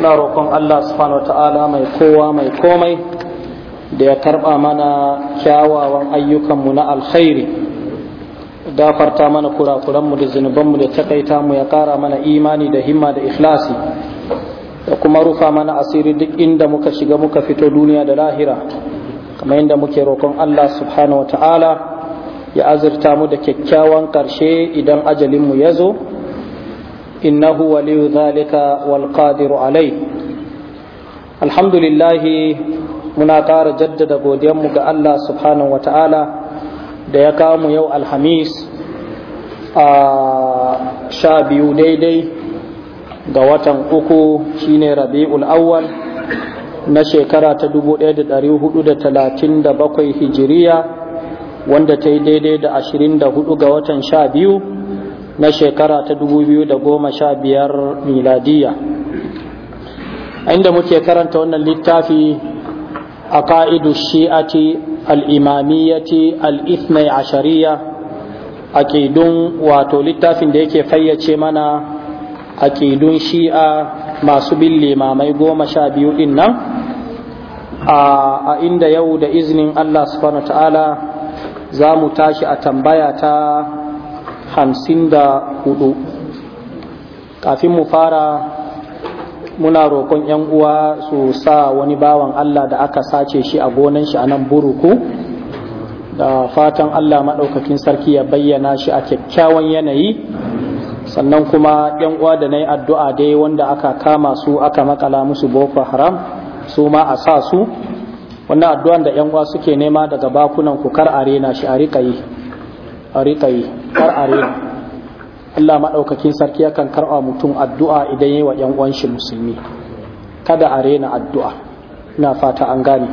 na roƙon Allah subhanahu ta'ala mai kowa mai komai da ya karɓa mana kyawawan ayyukanmu na alkhairi gafarta mana kurakuranmu da zunubanmu da takaita mu ya ƙara mana imani da himma da ikhlasi da kuma rufa mana asiri duk inda muka shiga muka fito duniya da lahira kamar inda muke roƙon Allah subhanahu ta'ala ya azurta mu da kyakkyawan ƙarshe idan ajalinmu ya zo إنه ولي ذلك والقادر alai alhamdu lillahi muna kara jaddada godiyanmu ga Allah subhanahu wa ta'ala da ya kamu yau alhamis a sha biyu daidai ga watan uku shine rabi'ul awwal na shekara ta da da da talatin bakwai hijiriya wanda ta yi daidai da da hudu ga watan sha biyu na shekara ta da goma sha biyar miladiya inda muke karanta wannan littafi a ka'idu shi'ati al'imamiyyati a ashariya a ƙidun wato littafin da yake fayyace mana a ƙidun shi'a masu bin limamai goma sha biyu ɗin nan a inda yau da izinin allah subhanahu ta'ala za mu tashi a tambaya ta hamsin da hudu kafin mu fara muna roƙon 'yan uwa su sa wani bawan Allah da aka sace shi a gonan shi a nan buruku da fatan Allah maɗaukakin sarki ya bayyana shi a kyakkyawan yanayi sannan kuma 'yan uwa da na yi addu'a dai wanda aka kama su aka makala musu boko haram su ma a sa su wannan addu'an da 'yan uwa suke nema daga bakunan ku kar a rena shi a riƙa yi kar a rena Allah maɗaukakin sarki yakan karɓa mutum addu'a idan yi wa ‘yan uwanshi shi musulmi kada a rena addu'a na fata an gane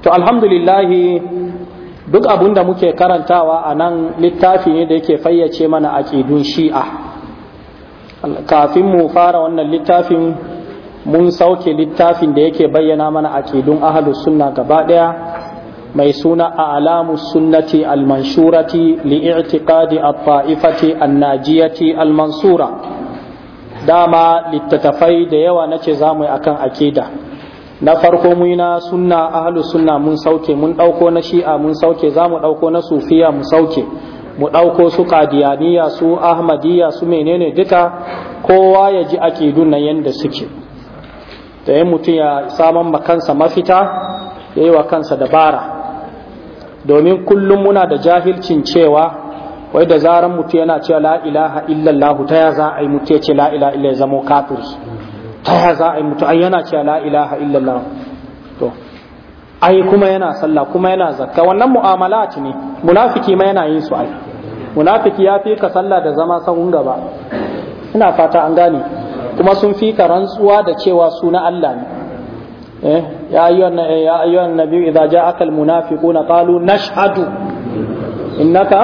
to alhamdulillahi duk abun da muke karantawa a nan littafi ne da yake fayyace mana aƙidun shi'a kafin mu fara wannan littafin mun sauke littafin da yake bayyana mana aƙidun ahalus sunna gaba ɗaya mai suna alamu sunnati almanshurati li'i'tiqadi at-ta'ifati an-najiyati al-mansura dama littattafai da yawa nace zamu akan akida na farko mu na sunna ahlus sunna mun sauke mun ɗauko na shi'a mun sauke zamu ɗauko na sufiya mu sauke mu ɗauko su qadiyaniya su ahmadiyya su menene duka kowa ya ji akidun nan yanda suke da yin mutum ya saman makansa mafita ya yi wa kansa dabara domin kullum muna da jahilcin cewa wai da zaran mutu yana cewa la ilaha illallah ta ya za a yi mutu ya ce la ilaha illallah zama zamo kafiri ta ya za a yi mutu ai yana cewa la ilaha illallah to ai kuma yana sallah kuma yana zakka wannan mu'amalat ne munafiki ma yana yin su ai munafiki ya fi ka sallah da zama sahun gaba ina fata an gane kuma sun fi ka rantsuwa da cewa su na Allah ne eh ya ayyuhan nabi idza ja'aka almunafiquna qalu nashhadu innaka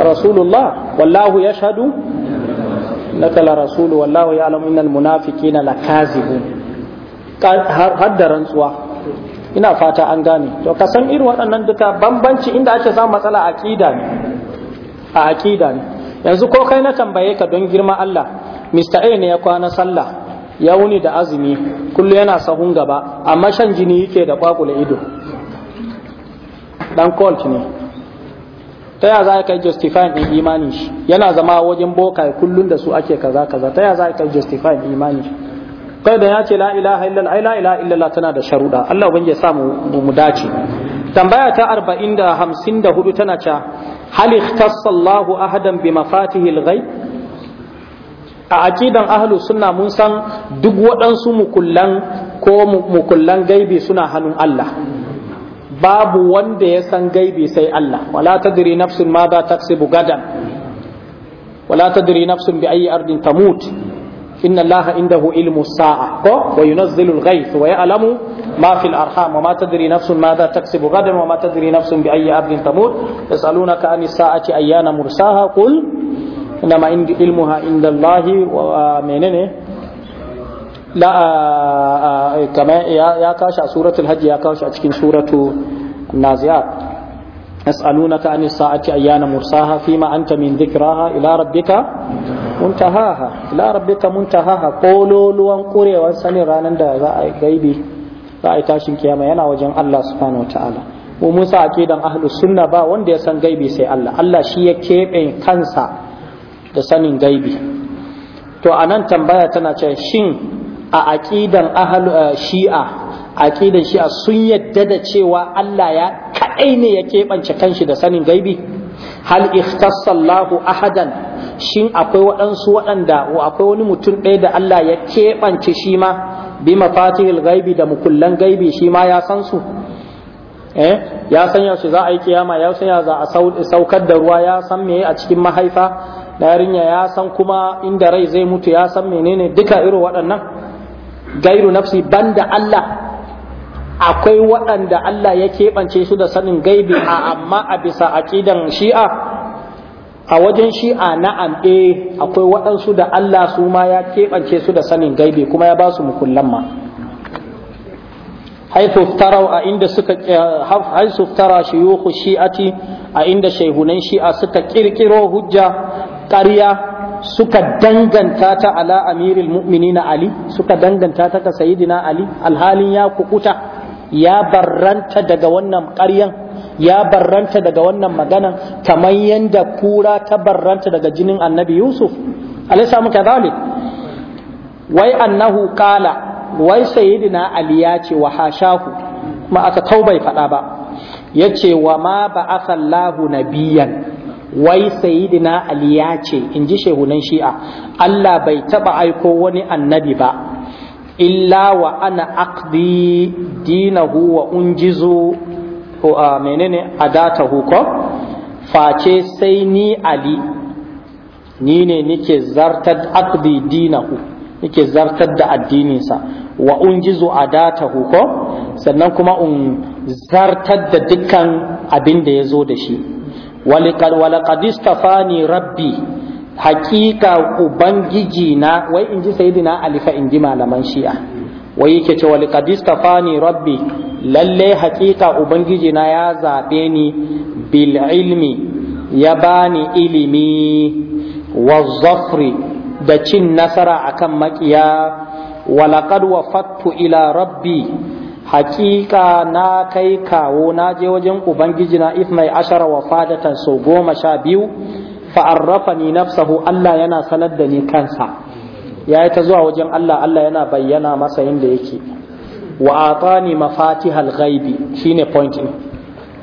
rasulullah wallahu yashhadu innaka la rasul wallahu ya'lamu innal munafiqina lakazibun har da rantsuwa ina fata an gane to ka san irin waɗannan duka bambanci inda ake samun matsala a aqida ne yanzu ko kai na tambaye ka don girma Allah Mr. A ne ya kwana sallah ya wuni da azumi kullu yana sahun gaba amma shan jini yake da kwakula ido dan colt ne ta ya za ka justify din imani shi yana zama wajen boka kullun da su ake kaza kaza ta ya za ka justify din imani shi kai da ya ce la ilaha illallah la ilaha illallah tana da sharuda Allah ubangiji ya sa mu dace tambaya ta 40 da 54 tana cewa hal ikhtassa Allah ahadan bi mafatihil ghaib a aqidan ahlu sunna mun san duk waɗansu mukullan ko mukullan gaibi suna hannun Allah babu wanda ya san gaibi sai Allah wala tadri nafsun ma za taksibu gadan wala tadri nafsun bi ayi ardin tamut inna Allah indahu ilmu sa'a ko wa yunazzilu al-ghayth wa ya'lamu ma fil arham wa ma tadri nafsun ma za taksibu gadan wa ma tadri nafsun bi ayi ardin tamut yasalunaka anis sa'ati ayyana mursaha qul inma indi inda allahi wa menene la kama ya kashi suratul hajj ya kashi a cikin suratu naziat yas'alunaka an sa'ati ayyana mursaha fima anta min dhikraha ila rabbika muntahaha ila rabbika muntahaha kololuwan kurewar sanin ranar da za a gaibi za a yi tashin kiyama yana wajen Allah subhanahu wataala mu musa akidan ahlus sunna ba wanda ya san gaibi sai Allah Allah shi ya keɓe kansa da sanin gaibi to a nan tambaya tana ce shin a aqidan ahlu eh, shi'a aqidan shi'a sun yadda da cewa Allah ya kadai ne ya keɓance kanshi da sanin gaibi hal ikhtasallahu ahadan shin akwai waɗansu waɗanda akwai wani mutum ɗaya da Allah ya keɓance shi ma bi mafatihil gaibi da mukullan gaibi shi ma ya san su eh ya san yaushe za a yi kiyama ya san ya za a saukar da ruwa ya san me a cikin mahaifa yarinya ya san kuma inda rai zai mutu ya san menene duka irin waɗannan gairu nafsi banda Allah akwai waɗanda Allah ya keɓance su da sanin gaibi a amma a bisa aƙidan shi'a a wajen shi'a na ambe eh, akwai waɗansu da Allah su ma ya keɓance su da sanin gaibi kuma ya ba su mukullan ma haifu a inda suka eh, haifu tara shuyukhu shi'ati a inda shaihunan shi'a suka ƙirƙiro hujja ƙarya suka danganta ta ala amiril mu'minina ali suka danganta ta ga sayidina ali alhalin ya kukuta ya barranta daga wannan ƙaryan ya barranta daga wannan maganan kamar yadda kura ta barranta daga jinin annabi yusuf alaisa muka zalik wai annahu kala wai sayidina ali ya ce wa hashahu ma aka kau bai faɗa ba ya ce wa ma ba asallahu nabiyan wai sayidina ali ya ce in ji shehunan shi'a Allah bai taba aiko wani annabi ba illa wa ana aqdi dinahu wa unjizu menene Adata huko face sai ni ali ni ne nike zartar aqdi dinahu nike zartar da addininsa wa unjizu adata huko sannan kuma un zartar da dukkan abin da ya zo da shi waliqad walaqad rabbi hakika ubangiji na wai in ji sayyidina ali fa in ji malaman shi'a wai yake cewa laqad istafani rabbi lalle hakika ubangiji na ya zabe ni bil ilmi ya bani ilimi wa zafri da cin nasara akan makiya walaqad fattu ila rabbi haƙiƙa na kai kawo na je wajen na ismai ashara wa fadatan so goma sha biyu fa'arrafa ni nafsahu Allah yana sanar da ni kansa ya yi ta zuwa wajen Allah Allah yana bayyana masa yadda yake wa atani mafatihal ghaibi shine point ne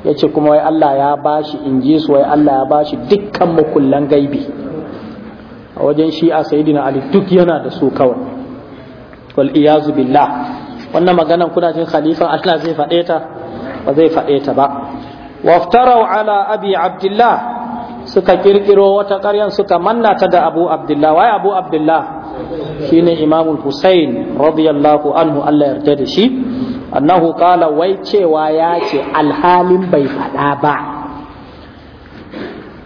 yace kuma wai Allah ya bashi inji su wai Allah ya bashi dukkan mukullan gaibi a wajen shi a sayyidina Ali duk yana da su kawai wal iyazu billah wannan maganan kuna jin khalifa Allah zai faɗe ta ba zai faɗe ta ba waftarau ala abi abdullah suka kirkiro wata ƙaryan suka manna ta da abu abdullah wai abu abdullah shine imamul husain radiyallahu anhu Allah yarda da shi annahu qala wai cewa ya ce alhalin bai faɗa ba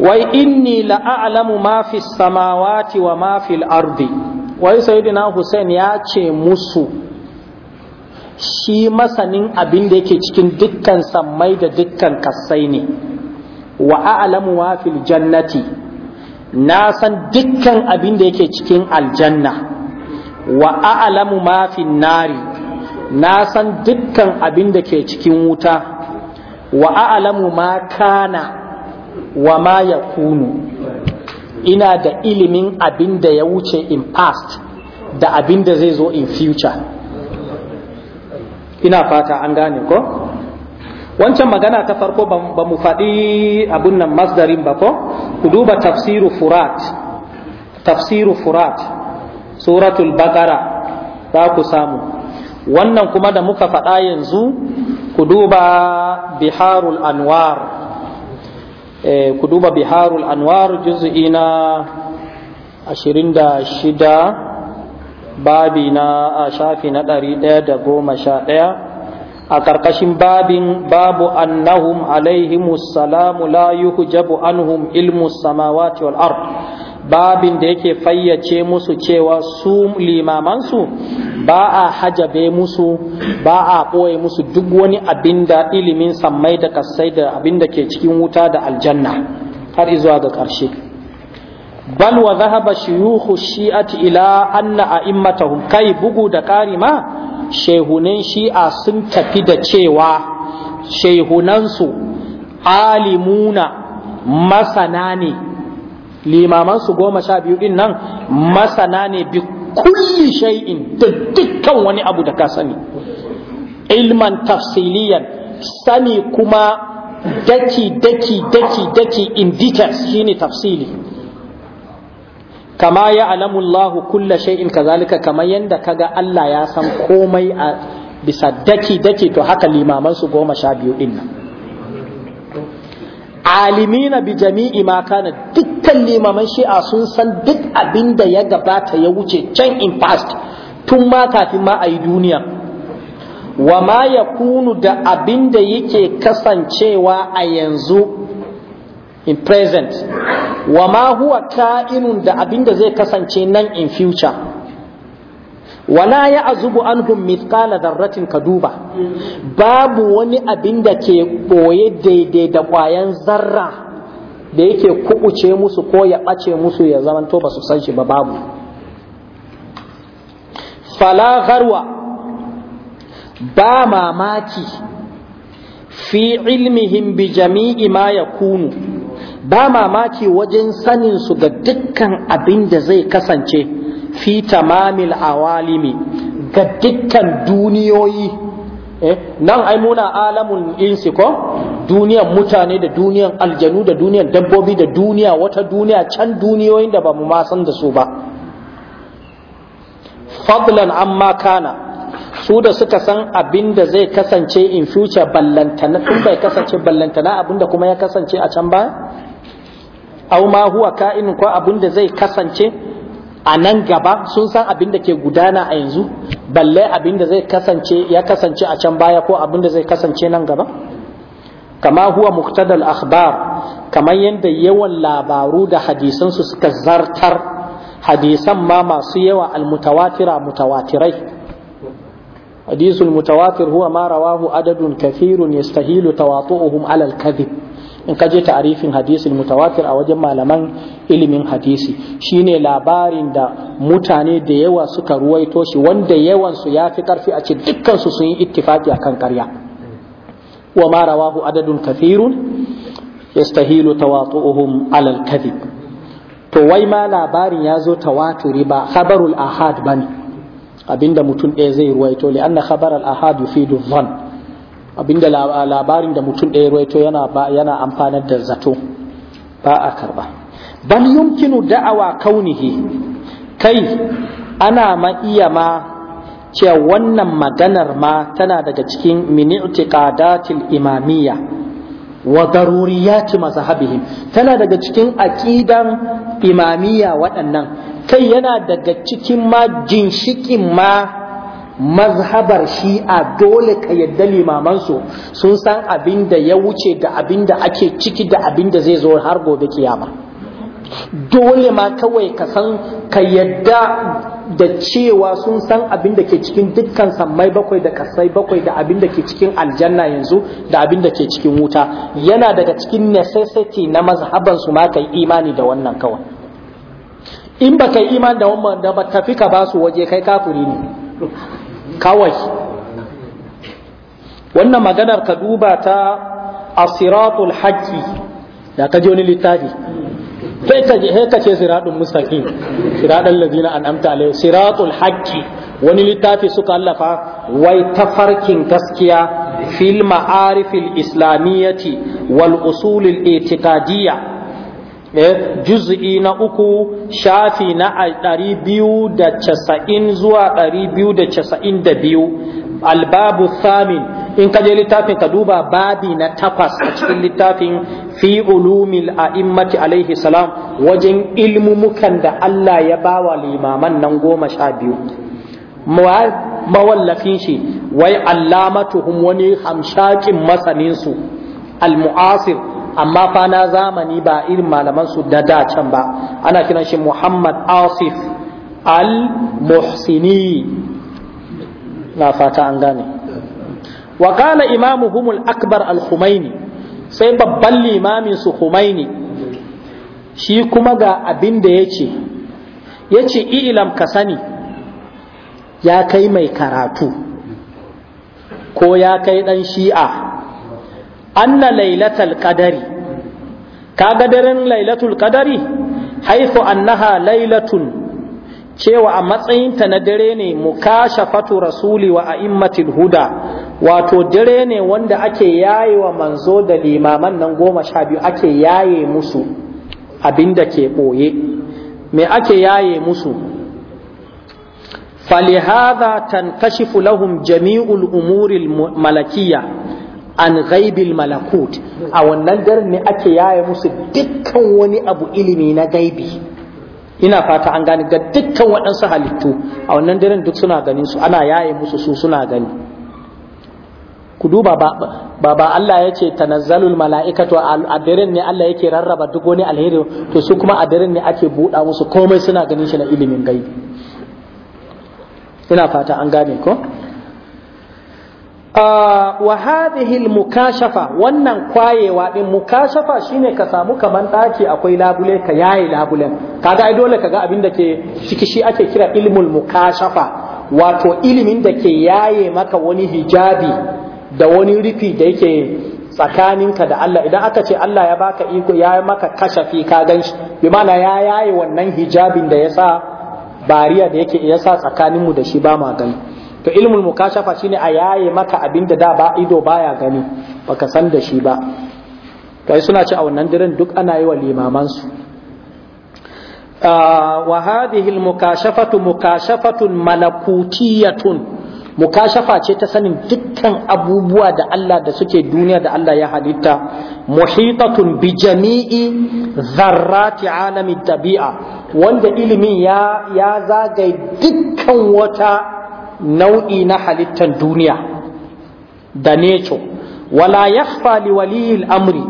wai inni alamu ma fi samawati wa ma fil ardi wai sayyidina husain ya ce musu shi masanin abin da yake cikin dukkan sammai da dukkan kasai ne wa a'lamu wa fil jannati na san dukkan abin da yake cikin aljanna wa a'lamu ma fil nari na san dukkan abin da ke cikin wuta wa a'lamu ma kana wa ma yakunu ina da ilimin abin da ya wuce in past da abin da zai zo in future ina fata an gane ko wancan magana ta farko ba mu faɗi abun nan masdarin ba ko ku duba tafsiru furat tafsiru furat suratul bakara za ku samu wannan kuma da muka faɗa yanzu ku duba biharul anwar eh, ku duba biharul anwar juz'i na 26 babi na a shafi na ɗari ɗaya da goma sha ɗaya a ƙarƙashin babin babu annahum alaihimu salamu la yuhjabu anhum ilmu samawati wal ard babin da yake fayyace musu cewa su limamansu ba a hajabe musu ba a ɓoye musu duk wani abin da ilimin sammai da kasai da abin da ke cikin wuta da aljanna har izuwa ga ƙarshe bal wa zahaba shuyukhu shi'ati ila anna a'immatahum kai bugu da ƙari ma shehunan shi'a sun tafi da cewa shehunansu alimuna masana ne limamansu goma sha biyu din nan masana ne bi kulli shay'in da dukkan wani abu da ka sani ilman tafsiliyan sani kuma daki daki daki daki in indicators shine tafsili kama ya alamu Allah kulla shay'in kazalika kamar yanda kaga Allah ya san komai a bisa daki daki to haka limaman su goma sha biyu din nan alimina bi jami'i ma kana dukkan limaman shi'a sun san duk abinda ya gabata ya wuce can in past tun ma kafin ma a duniya wa ma yakunu da abinda yake kasancewa a yanzu in present wa ma huwa ka'inun da abinda zai kasance nan in future wala ya azubu anhum mithqala dharratin kaduba babu wani abin da ke boye daidai da kwayan zarra da yake kubuce musu ko ya bace musu ya zamanto ba su san shi ba babu fala garwa ba mamaki fi ilmihim bi jami'i ma yakunu ba mamaki wajen sanin su ga dukkan abin da zai kasance fi tamamil awalimi ga dukkan duniyoyi eh, nan ai muna alamun insi ko duniyan mutane da duniyan aljanu da duniyan dabbobi da duniya wata duniya can duniyoyin da ba mu ma san da su ba fadlan amma kana su da suka san abin da zai kasance in future ballantana tun bai kasance ballantana abin da kuma ya kasance a can ba au ma huwa ka'inun ko abin da zai kasance a nan gaba sun san abin da ke gudana a yanzu balle abin da zai kasance ya kasance a can baya ko abin da zai kasance nan gaba kama huwa muktadal akhbar kamar yadda yawan labaru da hadisansu suka zartar hadisan ma masu yawa almutawatira mutawatirai حديث mutawatir huwa ما رواه عدد كثير يستهيل تواطؤهم alal الكذب in ka je ta'arifin hadisin mutawatir a wajen malaman ilimin hadisi shine labarin da mutane da yawa suka ruwaito shi wanda yawan su yafi karfi a ce dukkan su sun yi a akan ƙarya wa ma rawahu adadun kathirun yastahilu tawatu'uhum alal kadhib to wai ma labarin ya zo tawaturi ba khabarul ahad bane abinda mutum ɗaya zai ruwaito li anna khabar al ahad yufidu dhann abinda labarin da mutum ɗaya ruwaito yana amfanar da zato ba a karba bal yumkinu da'awa kaunihi kai ana ma iya ma ce wannan maganar ma tana daga cikin mini'uti qadatil imamiyya wa daruriyati mazhabihim tana daga cikin aqidan imamiyya waɗannan kai yana daga cikin ma jinshikin ma mazhabar shi'a dole ka yadda limamansu sun san abin da ya wuce da abin da ake ciki da abin da zai zo har gobe kiyama dole ma kawai ka san ka yadda da cewa sun san abin da ke cikin dukkan sammai bakwai da kasai bakwai da abin da ke cikin aljanna yanzu da abin da ke cikin wuta yana daga cikin necessity na mazhaban su ma kai imani da wannan kawai in baka imani da wannan da ba tafi ka basu waje kai kafuri ne kawai wannan maganar ka duba ta Siratul haqqi da ka ji wani littafi sai ka ce siratun mustaqim siratun lazina amta alaihi siratul haqqi wani littafi suka allafa wai tafarkin gaskiya fil ma'arifil islamiyyati wal usulil itiqadiyya Eh, juz'i na uku shafi na ɗari biyu da casa'in zuwa ɗari biyu da casa'in da biyu albabu samin in ka je littafin ka duba babi na takwas a cikin littafin fi ulumil a'immati alaihi salam wajen ilmumukan da Allah ya bawa limaman nan goma sha biyu mawallafin shi wai allamatuhum wani hamshakin masaninsu al-mu'asir amma fa na zamani ba irin malaman su na da can ba ana kiran shi Muhammad Asif al-Muhsini na fata an gane wa qala imamuhum al-akbar al-Humaini sai babban limamin su Humaini shi kuma ga abin da yace yace ilam ka sani ya kai mai karatu ko ya kai dan shi'a anna lailatul qadari kaga daren lailatul qadari haifu annaha lailatun cewa a matsayinta na dare ne mukashafatu rasuli wa a'immatil huda wato dare ne wanda ake yaye wa manzo da limaman nan goma sha biyu ake yaye musu abinda ke ɓoye me ake yaye musu falihada tankashifu lahum jami'ul umuril malakiyya an gaibil malakut a wannan daren ne ake yaye musu dukkan wani abu ilimi na gaibi ina fata an gani ga dukkan waɗansu halittu a wannan daren duk suna ganin su ana yaye musu su suna gani ku duba ba ba Allah ya ce tanazzalul mala'ikatu a daren ne Allah yake rarraba duk wani alheri to su kuma a daren ne ake buɗa musu komai suna ganin shi na ilimin gaibi ina fata an gane ko Ah, wa hadhihi mukashafa wannan kwayewa din mukashafa shine ka samu kaman daki akwai labule ka yaye labulen kaga ai dole kaga abin da ke ciki shi ake kira ilmul mukashafa wato ilimin da ke yaye maka wani hijabi da wani rufi da yake tsakaninka da Allah idan aka ce Allah ya baka iko ya maka kashafi ka ganshi bi mana ya yaye wannan hijabin da yasa bariya da yake yasa tsakaninmu da shi ba ma gani to ilmul mukashafa shine a yaye maka abinda da ba ido baya gani baka san da shi ba to suna ci a wannan daren duk ana yi wa limaman su ah, wa hadhihi al mukashafatu mukashafatun malakutiyatun mukashafa ce ta sanin dukkan abubuwa da Allah da suke duniya da Allah ya halitta muhitatun bi jami'i zarrati alami tabi'a wanda ilimin ya ya zagaye dukkan wata nau'i na halittar duniya da neco wala yakhfa li waliyil amri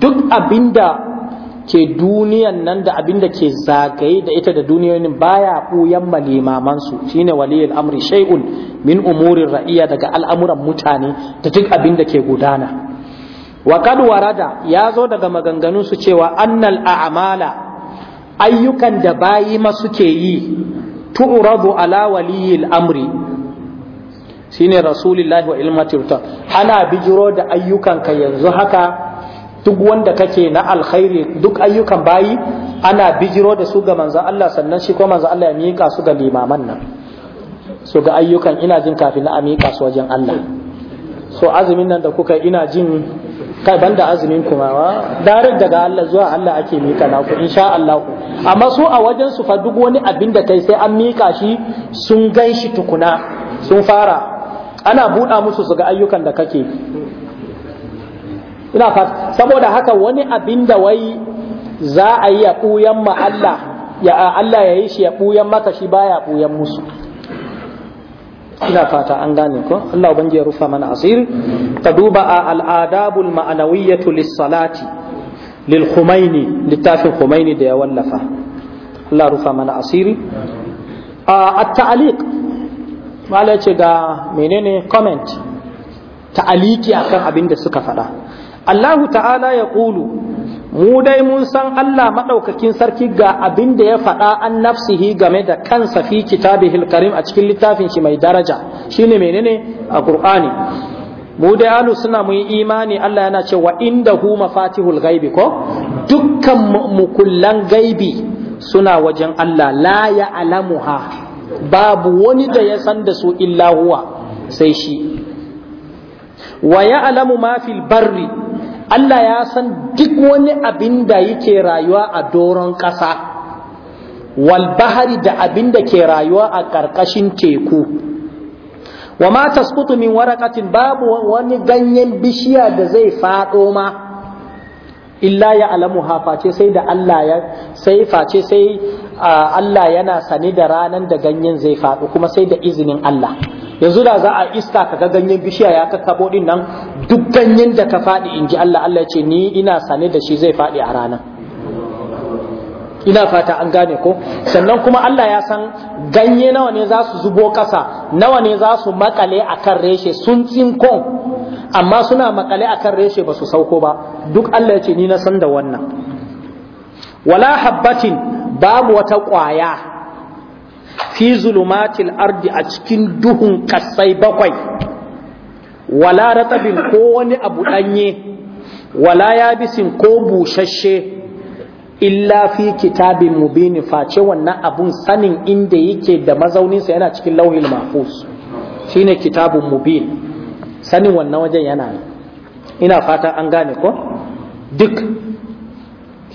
duk abinda ke duniyan nan da abinda ke zagaye da ita da duniyoyin baya ɓuyan malimaman su shine waliyil amri shay'un min umurin ra'iya daga al'amuran mutane da duk abinda ke gudana wa kad warada ya zo daga maganganun su cewa annal a'mala ayyukan da bayi ma suke yi tu'radu ala waliyil amri shine rasulullahi wa ilmatirta ana bijiro da ayyukan ka yanzu haka duk wanda kake na alkhairi duk ayyukan bayi ana bijiro da su ga manzon Allah sannan shi ko manzon Allah ya miƙa su ga limaman nan so ga ayyukan ina jin kafin na miƙa su wajen Allah so azumin nan da kuka ina jin kai banda azumin kuma wa daga Allah zuwa Allah ake mika naku insha Allah amma su a wajen su fa duk wani abin da kai sai an mika shi sun gan shi tukuna sun fara ana buɗa musu su ga ayyukan da kake ina fa saboda haka wani abin da wai za a yi ya ma Allah ya Allah ya yi shi ya ɓuyan maka shi baya ɓuyan musu ina fata an gane ko Allah ubangiji ya rufa mana asiri ka duba a al'adabul ma'anawiyyatu lis-salati lil Khumaini littafin Khumaini da ya wallafa Allah rufa mana asiri a at-ta'liq mala ce ga menene comment ta'aliki akan abin da suka faɗa Allahu ta'ala ya ƙulu mu dai mun san Allah maɗaukakin sarki ga abin da ya faɗa an nafsihi game da kansa fi kitabihil karim a cikin littafin shi mai daraja shine menene a Qur'ani mu dai alu suna mu yi imani Allah yana ce wa huma mafatihul ghaibi ko dukkan mukullan gaibi suna wajen Allah la ya ha? babu wani da ya san da su illa huwa sai shi wa ya alamu ma fil barri Allah ya san duk wani abin da yake rayuwa a doron ƙasa wal bahari da abin da ke rayuwa a ƙarƙashin teku wa ma tasqutu min waraqatin babu wani ganyen bishiya da zai faɗo ma illa ya alamu face sai da Allah ya sai face sai Allah yana sani da ranan da ganyen zai faɗo kuma sai da izinin Allah yanzu da za a iska kaga ganyen bishiya ya kakkabo din nan dukkan yadda ka faɗi in ji Allah Allah ce ni ina sane da shi zai faɗi a rana ina fata an gane ko sannan kuma Allah ya san ganye nawa ne za su zubo ƙasa nawa ne za su makale a kan reshe sun tsinko amma suna makale a kan reshe ba su sauko ba duk Allah ya ce ni na san da wannan wala habbatin babu wata ƙwaya fi zulumatil ardi a cikin duhun ƙasai bakwai wala ratabin ko wani abu danye wala yabisin ko bushashe illa fi kitabin mubini face wannan abun sanin inda yake da mazauninsa yana cikin lauhil mahfuz shine kitabun mubin sanin wannan wajen yana ina fata an gane ko duk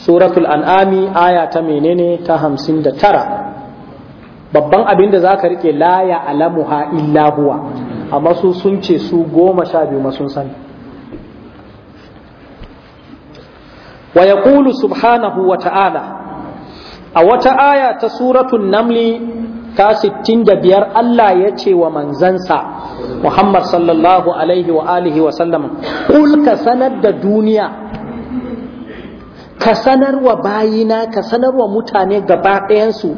suratul an'ami aya ta menene ta hamsin da tara babban abin da za ka rike la ya alamuha illa huwa amma su sun ce su goma sha biyu ma sun sani wa subhanahu wa ta'ala a wata aya ta suratun namli ta 65 Allah ya ce wa manzansa Muhammad sallallahu alaihi wa alihi wa sallam kul ka sanar da duniya ka sanar wa bayina ka sanar wa mutane gaba ɗayansu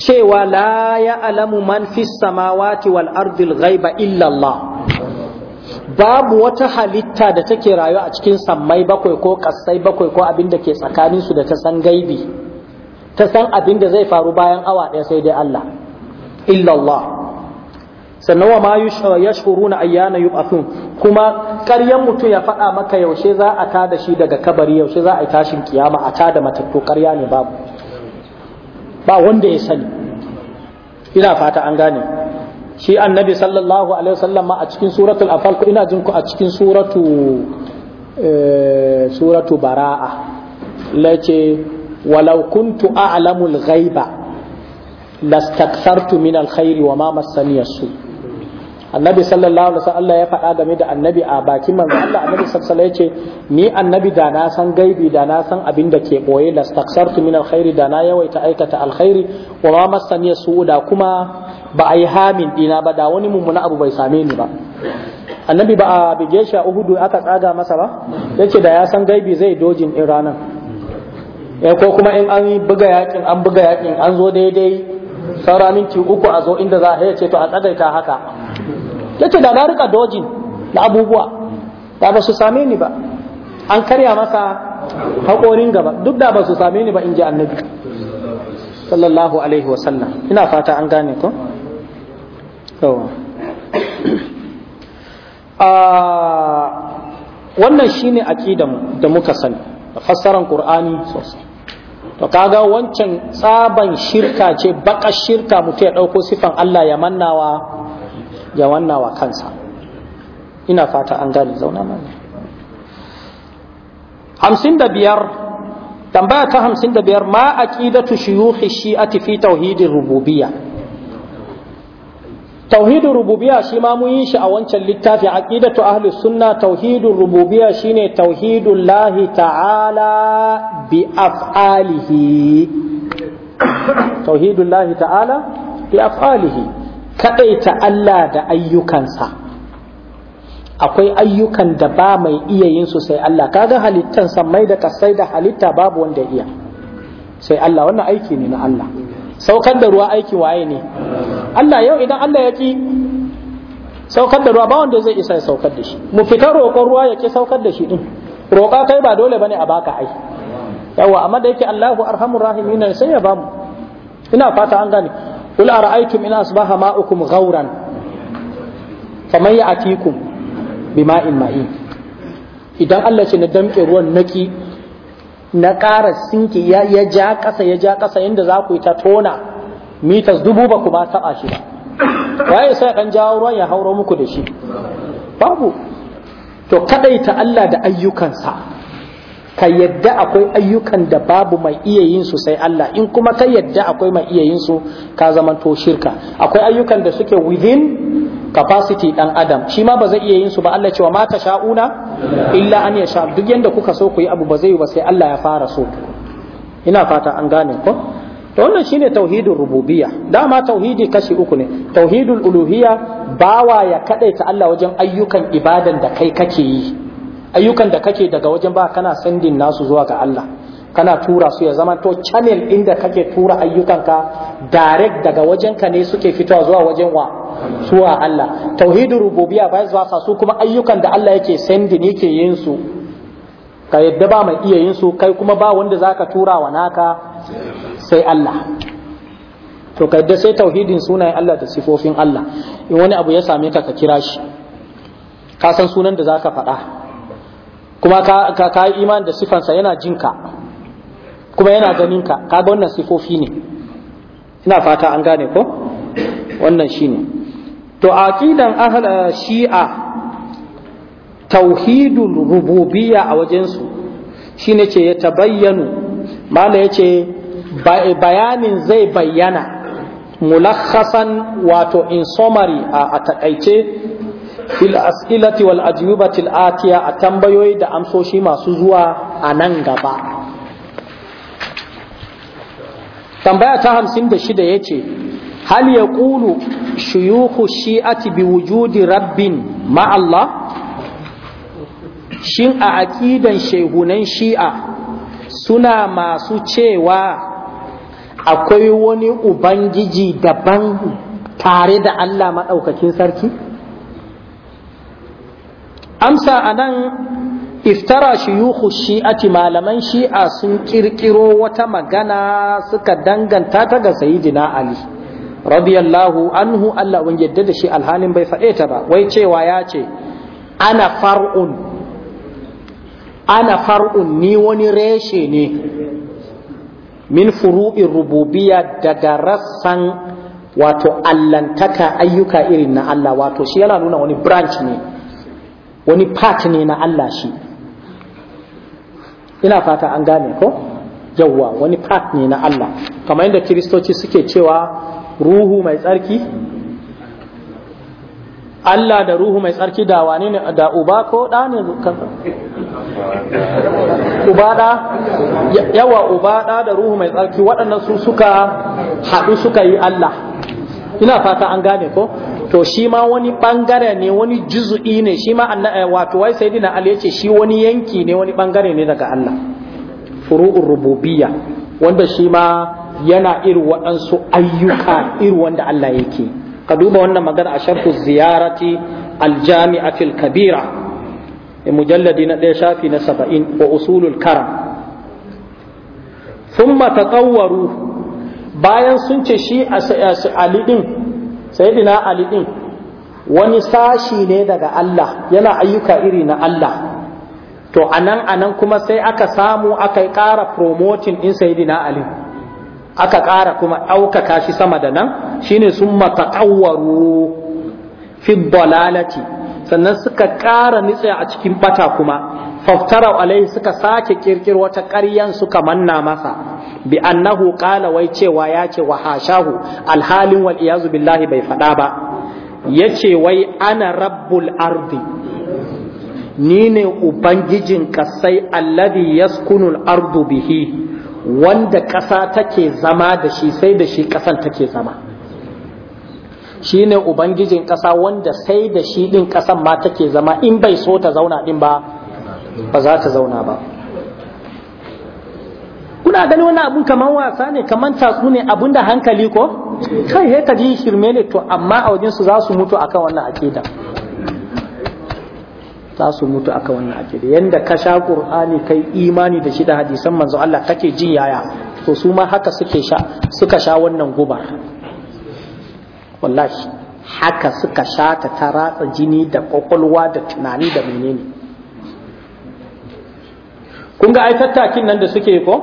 cewa la alamu man fis samawati wal ardil ghaiba illa Allah babu wata halitta da take rayu a cikin sammai bakwai ko kasai bakwai ko abin da ke tsakanin su da ta san gaibi ta san abin da zai faru bayan awa ɗaya sai dai Allah illa Allah sannan wa ma yashuruna ayyana yub'athun kuma ƙaryan mutum ya faɗa maka yaushe za a tada shi daga kabari yaushe za a yi tashin kiyama a tada matattu ƙarya ne babu ba wanda ya sani ina fata an gane shi annabi sallallahu alaihi wasallam a cikin suratul afal ko ina jin ku a cikin suratu eh, suratu bara'a lace walau kuntu a'lamul ghaiba lastakthartu min alkhairi wa ma massani su annabi sallallahu alaihi wasallam ya faɗa game da annabi a bakin manzo Allah annabi sallallahu alaihi ce ni annabi da na san gaibi da na san abin da ke boye lastaksartu min alkhairi da na yawaita aikata alkhairi wa ma masani su'u da kuma ba a yi hamin dina ba da wani mummuna abu bai same ni ba annabi ba a bige shi a uhudu aka tsaga masa ba yace da ya san gaibi zai dojin in ranan eh, ko kuma in an buga yakin an buga yakin an zo daidai sauran minti uku a zo inda za a ce to a tsagaita haka yace da na rika dojin da abubuwa da ba su same ni ba an karya masa haƙorin gaba duk da ba su same ni ba in ji annabi sallallahu alaihi wasallam ina fata an gane ko ah, wannan shine aqidan da muka sani da fassaran qur'ani sosai to kaga wancan tsaban shirka ce baka shirka mutum ya ɗauko sifan Allah ya mannawa ya wanna wa kansa ina fata an gane zauna mana hamsin da biyar tambaya ta hamsin da biyar ma aqidatu shuyukhi shi'ati fi tauhidin Rububiya. tauhidin Rububiya shi ma mun yi shi a wancan littafi aqidatu ahli sunna tauhidin Rububiya shi ne Tauhidun lahi ta'ala bi af'alihi Tauhidun lahi ta'ala bi af'alihi kaɗaita Allah da ayyukansa akwai ayyukan da ba mai iya yin su sai Allah kaga halittan mai da kasai da halitta babu wanda iya sai Allah wannan aiki ne na Allah saukar da ruwa aiki waye ne Allah yau idan Allah ya ki saukar da ruwa ba wanda zai isa ya saukar da shi mu fita roƙon ruwa ya ki saukar da shi din roƙa kai ba dole bane a baka ai yawa amma da yake Allahu arhamur rahimin sai ya bamu ina fata an gane قل أرأيتم إن أصبح ماؤكم غورا فمن a بماء معين idan Allah ce na damƙe ruwan naki na ƙara sinki ya ja ƙasa ya ja ƙasa inda za ku yi ta tona mitas dubu ba ku ba taɓa shi ba waye sai ɗan jawo ruwan ya hauro muku da shi babu to kaɗaita Allah da ayyukansa ka yadda akwai ayyukan da babu mai iya yin su sai Allah in kuma ka yadda akwai mai iya yin su ka zama to shirka akwai ayyukan da suke within capacity dan adam shi ma ba zai iya yin su ba Allah cewa ma ta sha'una illa an ya sha duk yanda kuka so ku yi abu ba zai yi ba sai Allah ya fara so ina fata an gane ko to wannan shine tauhidul rububiyya dama tauhidi kashi uku ne tauhidul uluhiyya bawa ya kadaita Allah wajen ayyukan ibadan da kai kake yi ayyukan da kake daga wajen ba kana sandin nasu zuwa ga Allah kana tura su ya zama to channel inda kake tura ayyukanka direct daga wajenka ne suke fitowa zuwa wajen wa zuwa Allah tauhidur rububiyya bai zuwa sa su kuma ayyukan da Allah yake sendin yake yin su ka yadda ba mai iya yin su kai kuma ba wanda zaka tura wa naka sai Allah to ka yadda sai tauhidin sunayen Allah da sifofin Allah in wani abu ya same ka ka kira shi ka san sunan da zaka faɗa kuma ka ka, yi imani da sifansa yana jinka kuma yana ganin ka ga wannan sifofi ne ina fata an gane ko wannan shine to aqidan ahla shi'a tauhidul rububiyya a wajen wajensu shine ce ya tabayyanu mala yace bayanin zai bayyana mulakhasan wato in summary a takaice fil as'ilati wal ajwibati atiya a tambayoyi da amsoshi masu zuwa a nan gaba tambaya ta hamsin da shida ya ce hal ya ƙulu shuyuhu shi'ati bi wujudi rabbin ma'allah shin a aƙidan shehunan shi'a suna masu cewa akwai wani ubangiji daban tare da Allah maɗaukakin sarki? amsa anan iftara shiyuhu shi'ati malaman shi'a sun kirkiro wata magana suka danganta ta ga sayyidina ali radiyallahu anhu Allah wani yadda da shi alhalin bai faɗe ta ba wai cewa ya ce ana far'un ana far'un ni wani reshe ne min furu'in rububiya daga rassan wato allantaka ayyuka irin na Allah wato shi yana nuna wani branch ne wani part ne na Allah shi ina fata an gane ko yawwa wani part ne na Allah kamar yadda kiristoci suke cewa ruhu mai tsarki Allah da ruhu mai tsarki da wane ne da uba ko da ne uba da yawa uba da da ruhu mai tsarki waɗannan su suka haɗu suka yi Allah ina fata an gane ko to shi ma wani bangare ne wani juzu'i ne shi ma eh, wato wai sayyidina ali yace shi wani yanki ne wani bangare ne daga Allah furu'ur rububiyya wanda shi ma yana irin waɗansu ayyuka irin wanda Allah yake ka duba wannan magana a sharhu ziyarati aljami'atil kabira eh, mujalladi na ɗaya shafi na saba'in wa usulul karam thumma taqawwaru bayan sun ce shi ali din sayyidina ali din wani sashi ne daga Allah yana ayyuka iri na Allah to anan anan kuma sai aka samu aka ƙara promoting din sayyidina ali aka ƙara kuma ɗaukaka shi sama da nan shine sun mataqawwaru fi dalalati sannan suka ƙara nitsaya a cikin bata kuma faftarau alaihi suka sake kirkir wata ƙaryan suka manna masa bi annahu qala wai cewa yace wahashahu, alhalin wal iyazu billahi bai faɗa ba yace wai ana rabbul ardi ni ne ubangijin kasai alladhi yaskunul ardu bihi wanda ƙasa take zama da shi sai da shi ƙasan take zama shi ne ubangijin ƙasa wanda sai da shi ɗin ƙasan ma take zama in bai so ta zauna ɗin ba ba za ta zauna ba kuna gani wani abun kaman wasa ne kaman tatsu ne abun da hankali ko kai sai ka ji shirme ne to amma a wajen su za su mutu akan wannan aqida za su mutu akan wannan aqida yanda ka sha qur'ani kai imani da shi da hadisan manzo Allah kake ji yaya to su ma haka suke sha suka sha wannan gubar wallahi haka suka sha ta ratsa jini da kwakwalwa da tunani da menene kun ga ai tattakin nan da suke ko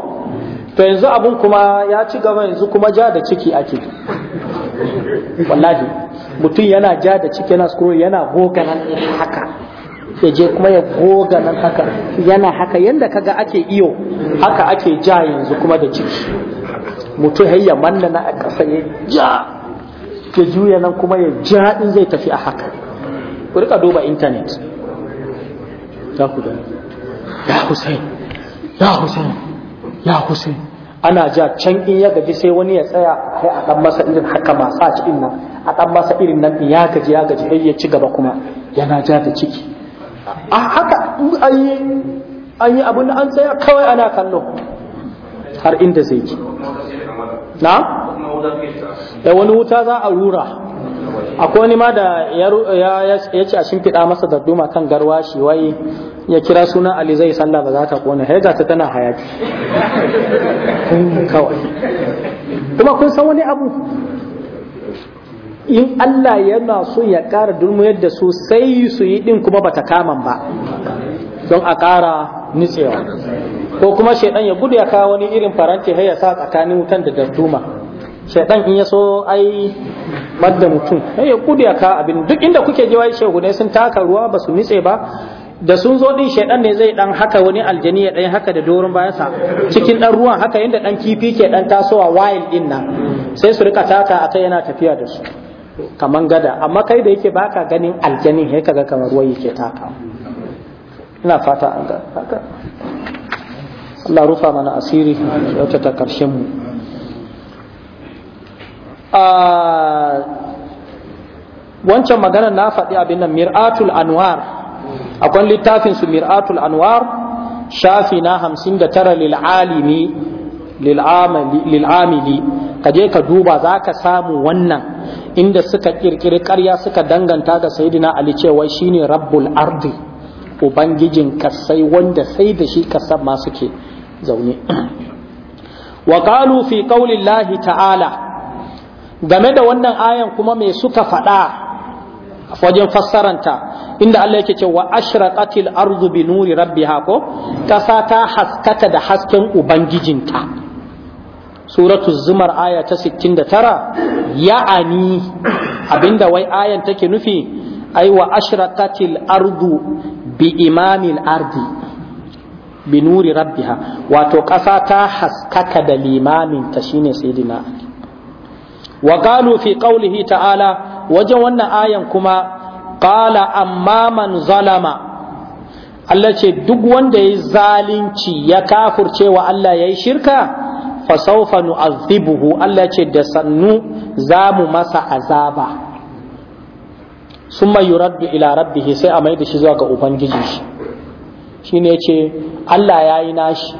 to yanzu abun kuma ya ci gaba yanzu kuma ja da ciki ake wallahi mutum yana ja da ciki yana scroll yana goga nan haka ya je kuma ya goga nan haka yana haka yanda kaga ake iyo haka ake ja yanzu kuma da ciki mutum hayya manna na a ƙasa ya ja ya juya nan kuma ya ja in zai tafi a haka ku rika duba intanet ta ku da ya Hussein ya Hussein ya Hussein ana ja can in ya gaji sai wani ya tsaya kai a dan masa irin haka masu a cikin nan a dan masa irin nan ya gaji ya gaji har ya ci gaba kuma yana ja da ciki a haka an yi abin da an tsaya kawai ana kallo har inda zai ji na da wani wuta za a rura akwai wani ma da ya ce a shimfiɗa masa duma kan shi wai ya kira suna ali zai sallah ba za ta kone haiza ta tana hayaki kawai kuma kun san wani abu in Allah yana so ya ƙara dulmuyar da su sai su yi ɗin kuma bata kaman ba don a ƙara nitsewa ko kuma shaidan ya gudu ya kawo wani irin faranti har ya sa tsakanin wutan da darduma shaidan in ya so ai madda mutum ya gudu ya ka abin duk inda kuke ji wai ne sun taka ruwa ba su nitse ba da sun zo din shaidan ne zai dan haka wani aljani ya dan haka da doron bayansa cikin dan ruwan haka inda dan kifi ke dan tasowa wild din nan sai su rika taka akai yana tafiya da su kaman gada amma kai da yake baka ganin aljani sai kaga kamar ruwa yake taka ina fata an ga haka Allah rufa mana asiri ya ta karshen mu wancan maganar na faɗi abin nan mir'atul anwar akwai littafin su mir'atul anwar shafi na hamsin da tara lil'alimi lil'amili ka je ka duba za ka samu wannan inda suka ƙirƙiri ƙarya suka danganta ga sayidina ali cewa shine rabbul ardi ubangijin kasai wanda sai da shi kasan ma suke zaune wa qalu fi qaulillahi ta'ala game da wannan ayan kuma me suka faɗa wajen fassaranta inda Allah yake cewa ashraqatil ardu bi nuri rabbiha ko kasa ta haskaka da hasken ubangijinta suratu zumar aya ta 69 ya'ani abinda wai ayan take nufi ai wa ashraqatil ardu bi imamil ardi bi nuri rabbiha wato kasa ta haskaka da limamin ta shine sayyidina wa qalu fi qawlihi ta'ala wajen wannan ayan kuma qala amma man zalama Allah ce duk wanda yayi zalunci ya kafurce wa Allah yayi shirka fa sawfa nu'adhibuhu Allah ce da sannu zamu masa azaba summa yuraddu ila rabbihi sai a maida shi zuwa ga ubangiji shi shine yace Allah yayi nashi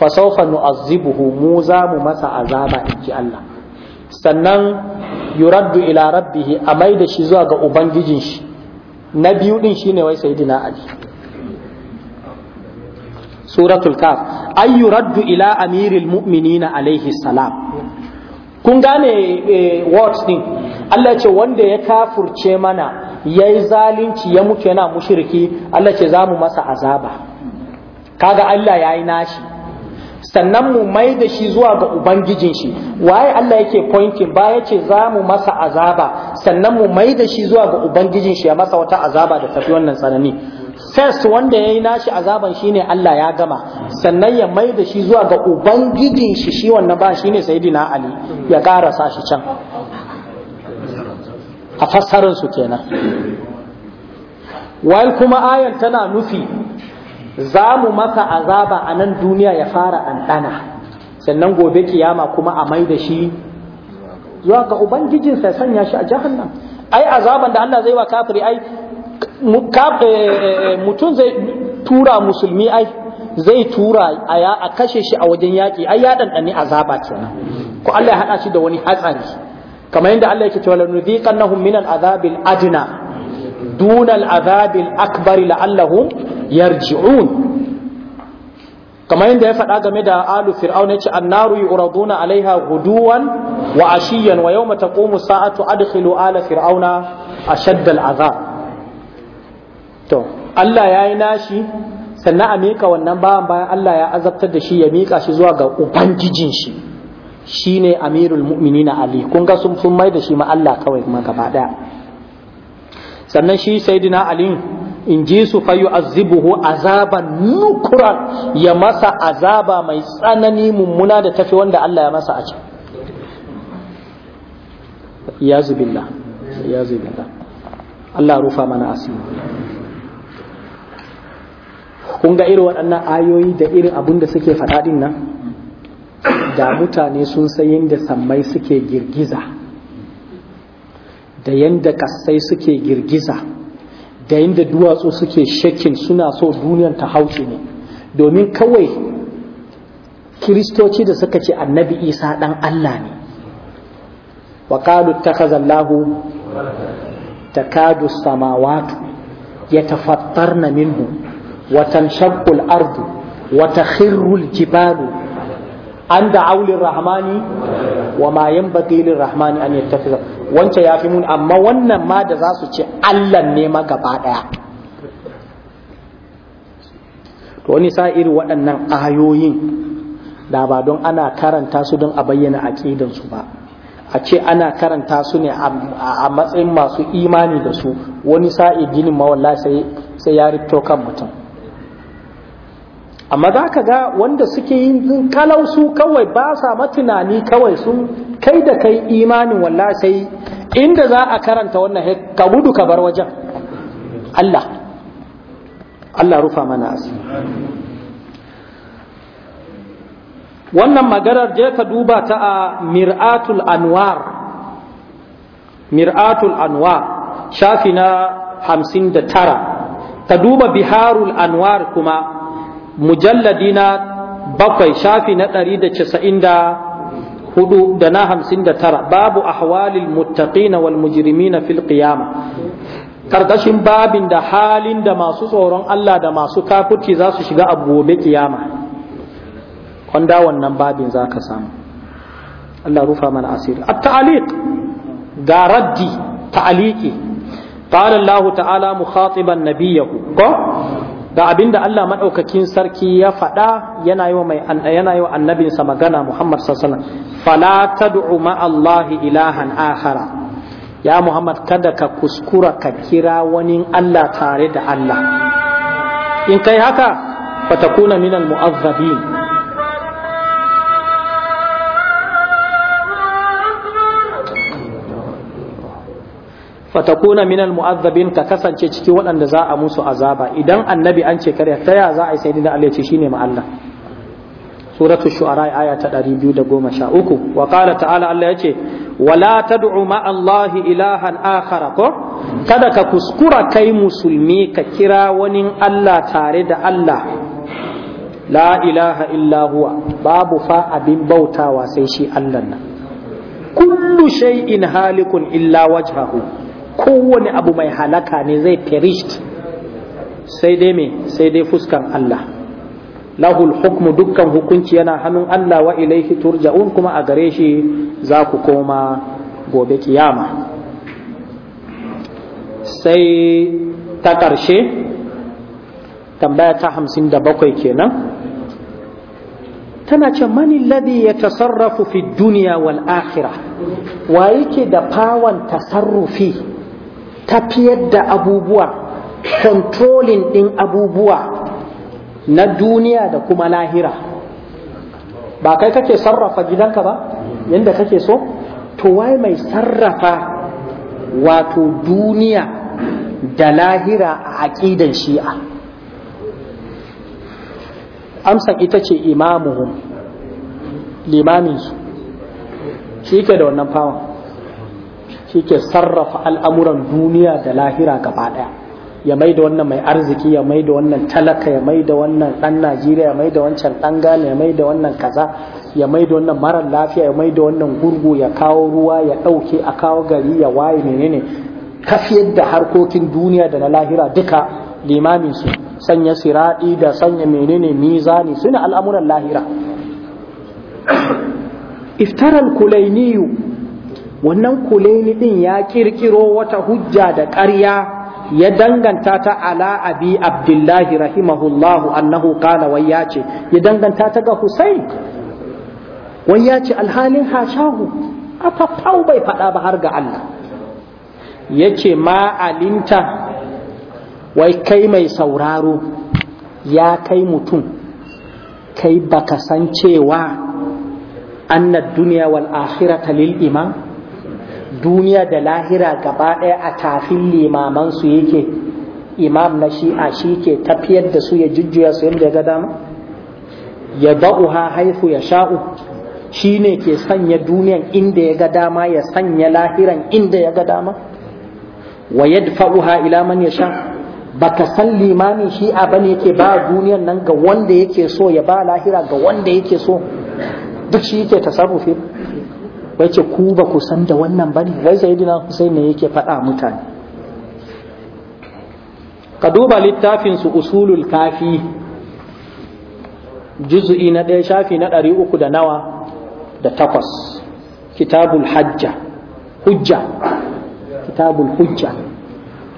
fa sawfa nu'adhibuhu mu zamu masa azaba inji Allah sannan yuraddu ila rabbihi a mai da shi zuwa ga ubangijin shi na biyu din shine wai sayyidina ali suratul kaf ay yuraddu ila amiril mu'minina alaihi salam kun gane eh, words din Allah ce wanda ya kafurce mana yayi zalunci ya mutu yana mushriki Allah ce za mu masa azaba kaga Allah yayi nashi sannan mu mai da shi zuwa ga ubangijin shi waye Allah yake pointing ba yace za mu masa azaba sannan mu mai da shi zuwa ga ubangijin shi ya masa wata azaba da tafi wannan tsanani first wanda yayi nashi azaban shine Allah ya gama sannan ya mai da shi zuwa ga ubangijin shi shi wannan ba shine sayyidina Ali ya karasa shi can a fassarar su kenan wal kuma ayan tana nufi za mu masa azaba a nan duniya ya fara ɗanɗana sannan gobe kiyama kuma a mai da shi zuwa ga ubangijinsa ya sanya shi a jahannan ai azaban da Allah zai wa kafiri ai eh, eh, mutum zai tura musulmi ai zai tura aya a kashe shi a wajen yaƙi ai ya ɗanɗani azaba kenan ko Allah ya haɗa shi da wani hatsari kamar yadda Allah yake cewa lanudhiqannahum min al-azabil adna dunal azabil akbari la la'allahum yarji'un kamar yadda ya faɗa game da alu fir'aun ya ce annaru yu'raduna alaiha guduwan wa ashiyan wa yawma taqumu sa'atu adkhilu ala fir'auna ashaddal azab to Allah yayi nashi sannan a mika wannan bayan bayan Allah ya azabtar da shi ya mika shi zuwa ga ubangijin shi shine amirul mu'minina ali kun ga sun sun mai da shi ma Allah kawai kuma gaba sannan shi sayyidina ali in ji su fa yu'azzibuhu azaban nukuran ya masa azaba mai tsanani mummuna da tafi wanda Allah ya masa a can Ya billah ya Allah rufa mana asiri kun ga irin waɗannan ayoyi da irin abun da suke faɗaɗin nan da mutane sun san yadda sammai suke girgiza da yanda kasai suke girgiza da yadda duwatsu suke shakin suna so duniyar ta hauce ne domin kawai kiristoci da suka ce annabi isa ɗan allah ne wa ƙalu ta takadu samawatu ya tafattar na minhu watan shakul ardu wata khirrul jibalu an da aulin rahmani wa ma yanbaghi rahmani an yi yattakhidha wance fi mun amma wannan ma da za su ce Allah ne ma gaba ɗaya. to wani sa iri waɗannan ayoyin da ba don ana karanta su don a bayyana a su ba a ce ana karanta su ne a matsayin masu imani da su wani sa'i ginin mawalla sai ya rifto kan mutum amma za ka ga wanda suke yin kalau su kawai ba sa matunani kawai sun kai da kai imanin walla sai inda za a karanta wannan ka gudu ka bar wajen Allah Allah rufa mana asiri wannan maganar je ka duba ta a mir'atul anwar mir'atul anwar shafi na hamsin da tara ka duba biharul anwar kuma mujalladi na bakwai shafi na ɗari da casa'in da hudu da na hamsin da tara babu ahwalil muttaqina wal mujrimina fil qiyama karkashin babin da halin da masu tsoron Allah da masu kafurci za su shiga abu gobe kiyama wanda wannan babin za ka samu Allah rufa mana asiri at ta'aliq ga raddi ta'aliki qala Allah ta'ala mukhatiban nabiyahu ko ga abin da Allah maɗaukakin sarki ya faɗa yana yi wa annabinsa magana Muhammad sallallahu fala tad'u ma Allah ilahan akhara ya Muhammad kada ka kuskura ka kira wani Allah tare da Allah in kai haka fatakuna minal mu'azzabin fatakuna minal mu'azzabin ka kasance ciki waɗanda za a musu azaba idan annabi an ce kare ta ya za a yi sai da Allah ya ce shine ma Allah suratu shu'ara aya ta 213 wa qala ta'ala Allah ce wala tad'u ma Allah ilahan akhara ko kada ka kuskura kai musulmi ka kira wani Allah tare da Allah la ilaha illa huwa babu fa abin bautawa sai shi Allah nan kullu shay'in halikun illa wajhahu kowane abu mai halaka ne zai perished sai dai me sai dai fuskan Allah lahul hukmu dukkan hukunci yana hannun Allah wa ilaihi turja'un kuma a gare shi za ku koma gobe kiyama sai ta ƙarshe tambaya ta hamsin da bakwai kenan tana ce mani ladi ya tasarrafu fi duniya wal akhirah wa yake da fawon tasarrufi tafiyar da abubuwa controlling ɗin abubuwa na duniya da kuma lahira ba kai kake sarrafa gidanka ba yadda kake so to wai mai sarrafa wato duniya da lahira a aƙidan shi'a amsan ita ce imamuhum limaminsu shi ke da wannan fawon shi sarrafa al'amuran duniya da lahira gaba ɗaya ya mai da wannan mai arziki ya mai da wannan talaka ya mai da wannan ɗan najeriya ya mai da wancan ɗan gane ya mai da wannan kaza ya mai da wannan marar lafiya ya mai da wannan gurgu ya kawo ruwa ya ɗauke a kawo gari ya waye menene kafiyar da harkokin duniya da na lahira duka limamin su sanya siraɗi da sanya menene mizani suna al'amuran lahira iftaral kulainiyu wannan kuleni din ya kirkiro wata hujja da ƙarya ya danganta ta ala abi abdullahi rahimahullahu annahu kala wai ya ce ya danganta ta ga husain wai ya ce alhalin hashahu afaffau bai faɗa ba har ga Allah ya ce ma alinta wai kai mai sauraro ya kai mutum kai baka san cewa annar duniya wal akhirata lil iman duniya da lahira gaba ɗaya a tafin limamansu yake imam na shi'a shi ke tafiyar da su ya jujjuya su yadda ya ga dama ya ha haifu ya sha'u shi ne ke sanya duniyan inda ya ga dama ya sanya lahiran inda ya ga dama wa ha ila man yasha baka san limamin shi'a bane yake ba duniyan nan ga wanda yake so ya ba lahira ga wanda yake so duk shi yake tasarrufi wace ku ba ku san da wannan bane wai sayyidina Husain ne yake faɗa mutane ka duba littafin su usulul kafi juz'i na ɗaya shafi na ɗari uku da nawa da takwas kitabul hajja hujja kitabul hujja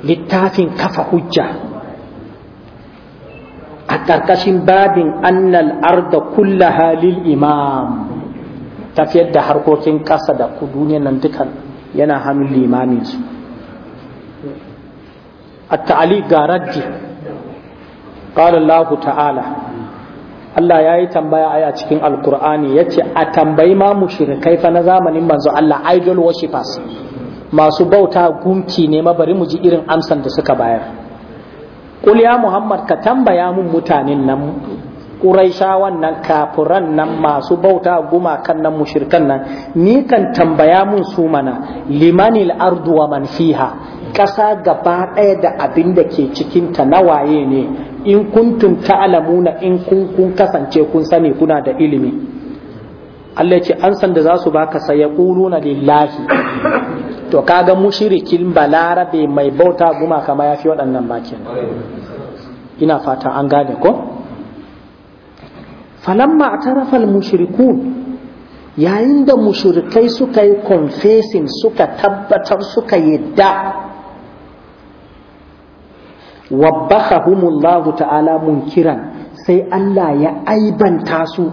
littafin kafa hujja a ƙarƙashin babin annal arda kullaha lil imam tafiyar da harkokin ƙasa da duniyan nan dukan yana hannun limaminsu ta'ali ga قال الله ta'ala. Allah ya yi tambaya a cikin Alkur'ani ya ce, A tambayi ma mu shirikai fa na zamanin manzo Allah idol worshipers. masu bauta gunki ne mabari mu ji irin amsan da suka bayar. ƙuliya Muhammad ka tambaya mun mutanen nan ƙuraisha wannan kafuran nan masu bauta gumakan nan mushirkan nan ni kan tambaya mun su mana limanil ardu wa man fiha ƙasa gaba ɗaya da abin da ke cikin ta na waye ne in kuntum ta'lamuna in kun kun kasance kun sani kuna da ilimi Allah ce an san da za su baka sai ya na lillahi to kaga mushrikin balarabe mai bauta guma kama fi waɗannan bakin ina fata an gane ko falamma a al-mushrikun yayin da mushrikai suka yi confessing suka tabbatar suka yadda wabbakahumullahu ta'ala munkiran sai Allah ya aibanta su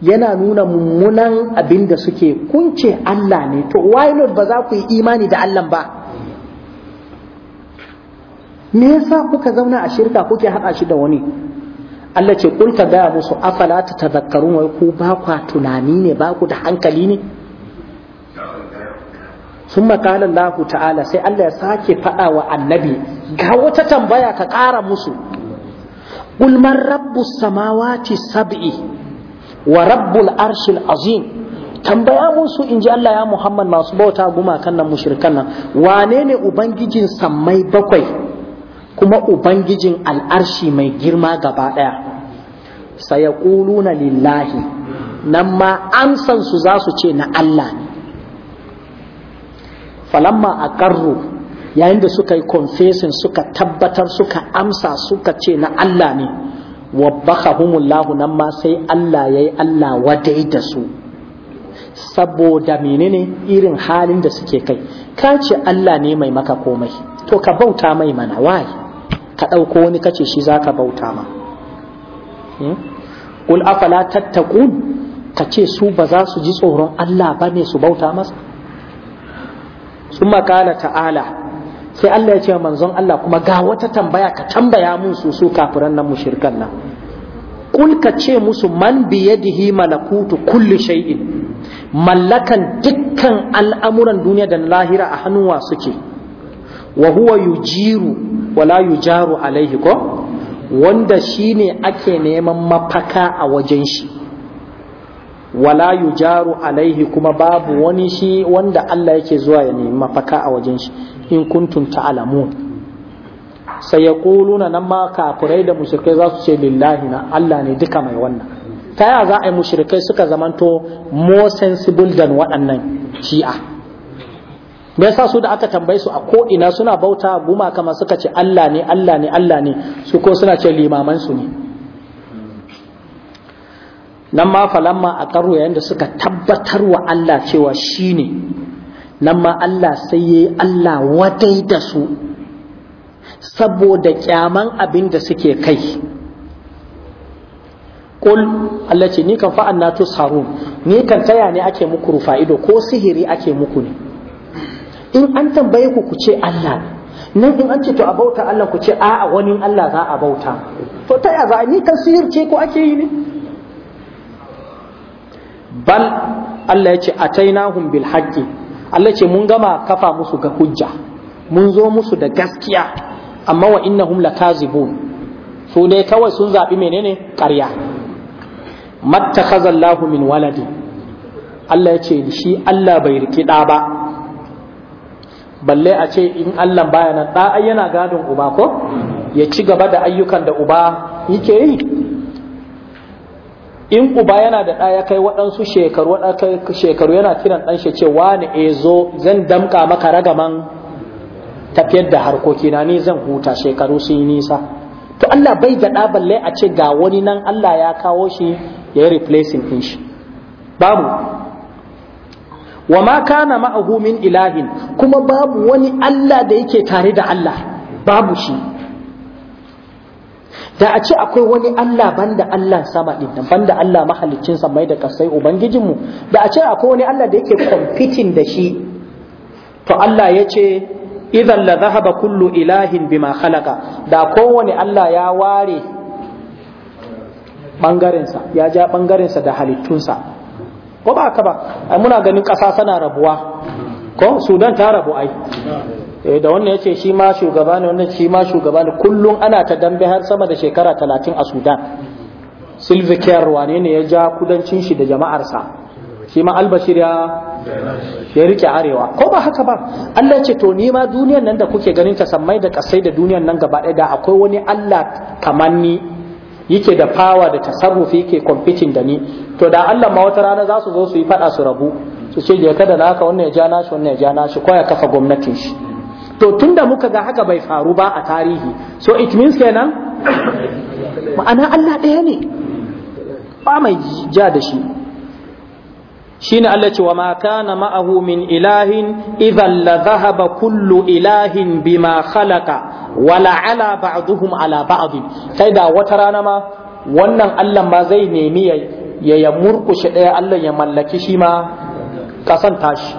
yana nuna mummunan abin da suke kunce Allah ne to why not ba za ku yi imani da Allah ba me yasa kuka zauna a shirka kuke haɗa shi da wani Allah ce kul ka gaya musu afala ta tazakkarun wai ku ba kwa tunani ne ba ku da hankali ne sun makala Allah ta'ala sai Allah ya sake faɗa wa annabi ga wata tambaya ka ƙara musu kul man rabbus samawati sab'i wa rabbul arshil azim tambaya musu inji Allah ya Muhammad masu bauta gumakan nan mushrikan nan wane ne ubangijin sammai bakwai kuma ubangijin al'arshi mai girma gaba ɗaya na lillahi nan ma amsan su za su ce na Allah ne falamma aqarru yayin da suka yi confessing suka tabbatar suka amsa suka ce na Allah ne wabbakahumullahu nan ma sai Allah yayi Allah wadai da su saboda menene irin halin da suke kai ka ce Allah ne mai maka komai to ka bauta mai mana waye ka ɗauko wani kace shi za ka bauta ma ƙul hmm? afala ka ce su ba za su ji tsoron Allah ba ne su bauta masa summa qala ta'ala sai Allah ya ce manzon Allah kuma ga wata tambaya ka tambaya mun su su kafiran nan mushrikan nan ƙul ka ce musu man biyadihi malakutu kulli shay'in mallakan dukkan al'amuran duniya da lahira a hannuwa wa suke wa huwa yujiru wala yujaru alaihi ko wanda shine ake neman mafaka a wajen shi wala yujaru alaihi kuma babu wani shi wanda Allah yake zuwa ya nemi mafaka a wajen shi in kuntum ta'lamun sai ya kuluna nan ma kafirai da mushrikai za su ce lillahi na Allah ne duka mai wannan ta yaya za a yi mushrikai suka zamanto more sensible than waɗannan shi'a me yasa su da aka tambaye su a ko ina suna bauta guma kamar suka ce Allah ne Allah ne Allah ne su ko suna ce limaman su ne nan ma falamma a karo yayin da suka tabbatar wa Allah cewa shine ne nan ma Allah sai yayi Allah wadai da su saboda kyaman abin da suke kai Kul Allah ce ni kan fa'an na tusharun ni kan taya ne ake muku rufa ido ko sihiri ake muku ne in an tambaye ku ku ce Allah nan in an ce to a bauta Allah ku ce a'a wani Allah za a bauta to ta yaya za a ni tasir ce ko ake yi ne bal Allah ya ce atainahum bil haqqi Allah ce mun gama kafa musu ga hujja mun zo musu da gaskiya amma wa innahum lakazibun su dai kawai sun zabi menene ƙarya mattakhazallahu min waladi Allah ya ce shi Allah bai riki ɗa ba balle a ce in Allah baya nan da yana gadon uba ko ya ci gaba da ayyukan da uba yake yi in uba yana da ya kai waɗansu shekaru shekaru yana kiran ɗanshi ce wani e eh, zo zan damka maka ragaman tafiyar da harkoki na ni zan huta shekaru sun yi nisa to Allah bai da ɗa balle a ce ga wani nan Allah ya kawo shi ya yi replacing ɗin shi babu wa ma kana ma'ahu min ilahin kuma babu wani Allah da yake tare da Allah babu shi da a ce akwai wani Allah banda Allah sama din nan banda Allah mahalicin mai da kasai ubangijinmu da a ce akwai wani Allah da yake competing da shi to Allah ya ce idan la zahaba kullu ilahin bima khalaqa da kowane Allah ya ware bangarensa ya ja bangarensa da halittunsa ko ba haka ba ai muna ganin ƙasa tana rabuwa ko sudan ta rabu ai eh, da wannan yace shi ma shugaba ne wannan shi ma shugaba ne kullum ana ta dambe har sama da shekara talatin a sudan silvi kiyar wane ne ya ja kudancin shi da jama'arsa shi ma albashir ya ya rike arewa ko ba haka ba Allah ce to ni ma duniyan nan da kuke ganin ta sammai da kasai da duniyan nan gaba ɗaya da akwai wani Allah kamanni yake da fawa da tasarrufi yake competing da ni to da Allah ma wata rana za su zo su yi faɗa su rabu su ce je kada naka wannan ya ja nashi wannan ya ja nashi ko ya kafa gwamnatin shi to tunda muka ga haka bai faru ba a tarihi so it means kenan ma'ana Allah ɗaya ne ba mai ja da shi shine Allah ce wa ma kana ma'ahu min ilahin idhan la dhahaba kullu ilahin bima khalaqa wala ala ba'dhum ala ba'd sai da wata rana ma wannan Allah ma zai nemi yayi ya ya murkushe ɗaya Allah ya mallaki shi ma ƙasan tashi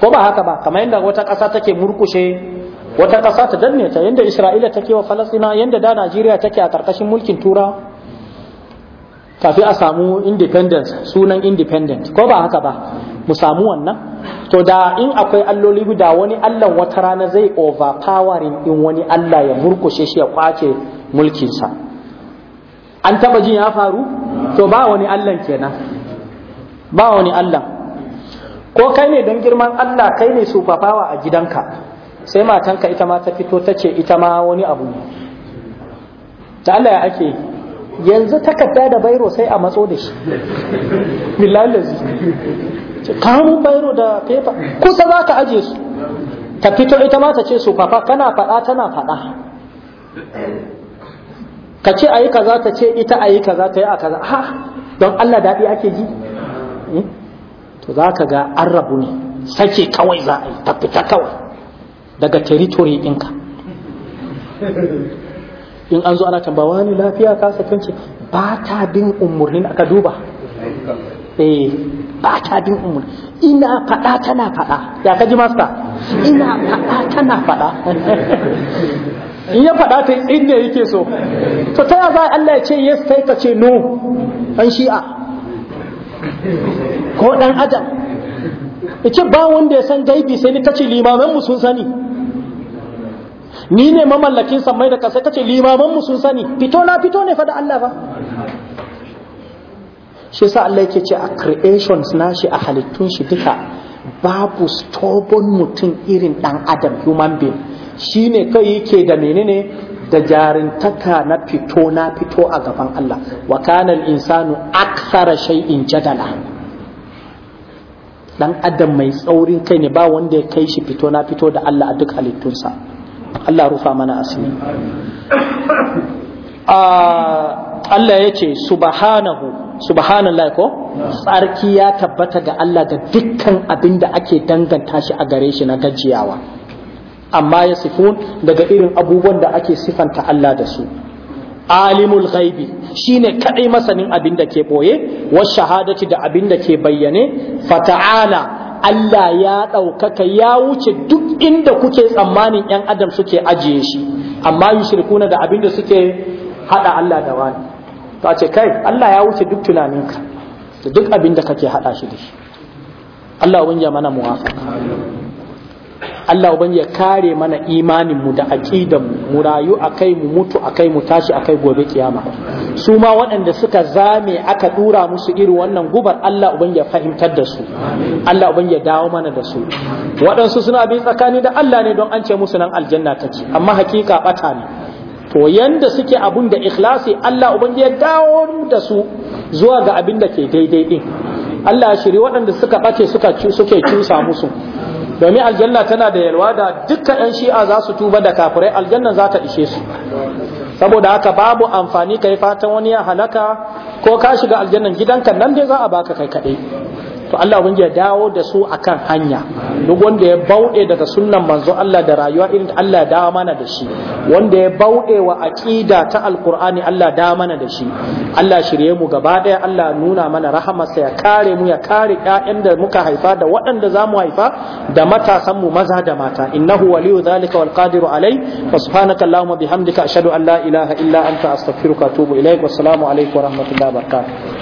ko ba haka ba kamar yadda wata ƙasa take murkushe wata ƙasa ta danne ta yadda Isra'ila take wa Falasina yadda da Najeriya take a ƙarƙashin mulkin Tura tafi a samu independence sunan independent ko ba haka ba mu samu wannan to da in akwai alloli guda wani Allah wata rana zai overpowering in wani Allah ya murkushe shi ya kwace mulkinsa. sa an taba jin ya faru to ba wani Allah kenan ba wani Allah ko kai ne don girman Allah kai ne sufafawa a gidanka sai matanka ita ma ta fito ta ce ita ma wani abu ne ta Allah ya ake yanzu takarda da bairo sai a matso da shi billahi kamun bairo da pepa kusa za ka aje su ta fito ita ma ta ce sufafa kana faɗa tana faɗa ka ce a ayi kaza ta ce ita a ayi kaza ta yi a kaza ha don Allah daɗi ake ji eh? to za ka ga an rabu ne sake kawai za a yi ta kawai daga teritori ɗinka in an zo ana tambawa ni lafiya ka sakanci ba ta bin umarnin aka duba eh, ba ta bin umarnin, ina faɗa tana faɗa ya kaji masta ina faɗa tana faɗa in ya faɗa ta inda yake so to ta za Allah ya ce yes sai ka ce no an shi'a ko dan adam yace ba wanda ya san gaibi sai ni kace limaman mu sun sani ni ne mamallakin sammai da kasa kace limaman mu sun sani fito na fito ne fa da Allah ba shi yasa Allah yake ce a creations nashi a halittun shi duka babu stubborn mutum irin ɗan adam human being shi ne kai yake da menene da jarintaka na fito na fito a gaban Allah wa kana al-insanu akthara shay'in jadala dan adam mai tsaurin kai ne ba wanda ya kai shi fito na fito da Allah a duk halittunsa Allah rufa mana asiri Allah ya ce subhanahu subhanallah ko tsarki ya tabbata ga Allah ga dukkan abin da ake danganta shi a gare shi na gajiyawa amma ya sifun daga irin abubuwan da ake sifanta Allah da su alimul ghaibi shine kadai masanin abin da ke boye wa shahadati da abin da ke bayyane fata'ala Allah ya ɗaukaka ya wuce duk inda kuke tsammanin ‘yan adam suke ajiye shi, amma yushirkuna shirkuna da abin da suke haɗa Allah da wani ta ce kai Allah ya wuce duk tunaninka da duk abin da kake haɗa shi da shi Allah ya mana Allah ya kare mana imanin mu da aqidan mu rayu akai mu mutu akai mu tashi akai gobe kiyama su ma waɗanda suka zame aka ɗura musu iri wannan gubar Allah ubangiji ya fahimtar da su Allah ubangiji ya dawo mana da su waɗansu suna bin tsakani da Allah ne don an ce musu nan aljanna ta ce, amma hakika ɓata ne to yanda suke abun da ikhlasi Allah ubangi ya dawo da su zuwa ga abin da ke daidai din Allah ya shiri waɗanda suka ɓace suka suke cusa musu domin aljanna tana da yalwa da dukkan ɗan shi'a za su tuba da kafirai aljanna za ta ishe su saboda haka babu amfani kai fatan wani ya halaka ko ka shiga aljannan gidanka nan dai za a baka kai kaɗai to Allah ubangi ya dawo da su akan hanya duk wanda ya bauɗe daga sunnan manzo Allah da rayuwa irin Allah dawo mana da shi wanda ya bauɗe wa aqida ta alqur'ani Allah dawo mana da shi Allah shirye mu gaba ɗaya Allah nuna mana rahamarsa ya kare mu ya kare ƴaƴan da muka haifa da waɗanda za mu haifa da matasan mu maza da mata innahu waliyu zalika wal qadiru alai wa subhanaka allahumma bihamdika ashhadu an la ilaha illa anta astaghfiruka wa atubu ilaik wa assalamu alaikum wa rahmatullahi wa barakatuh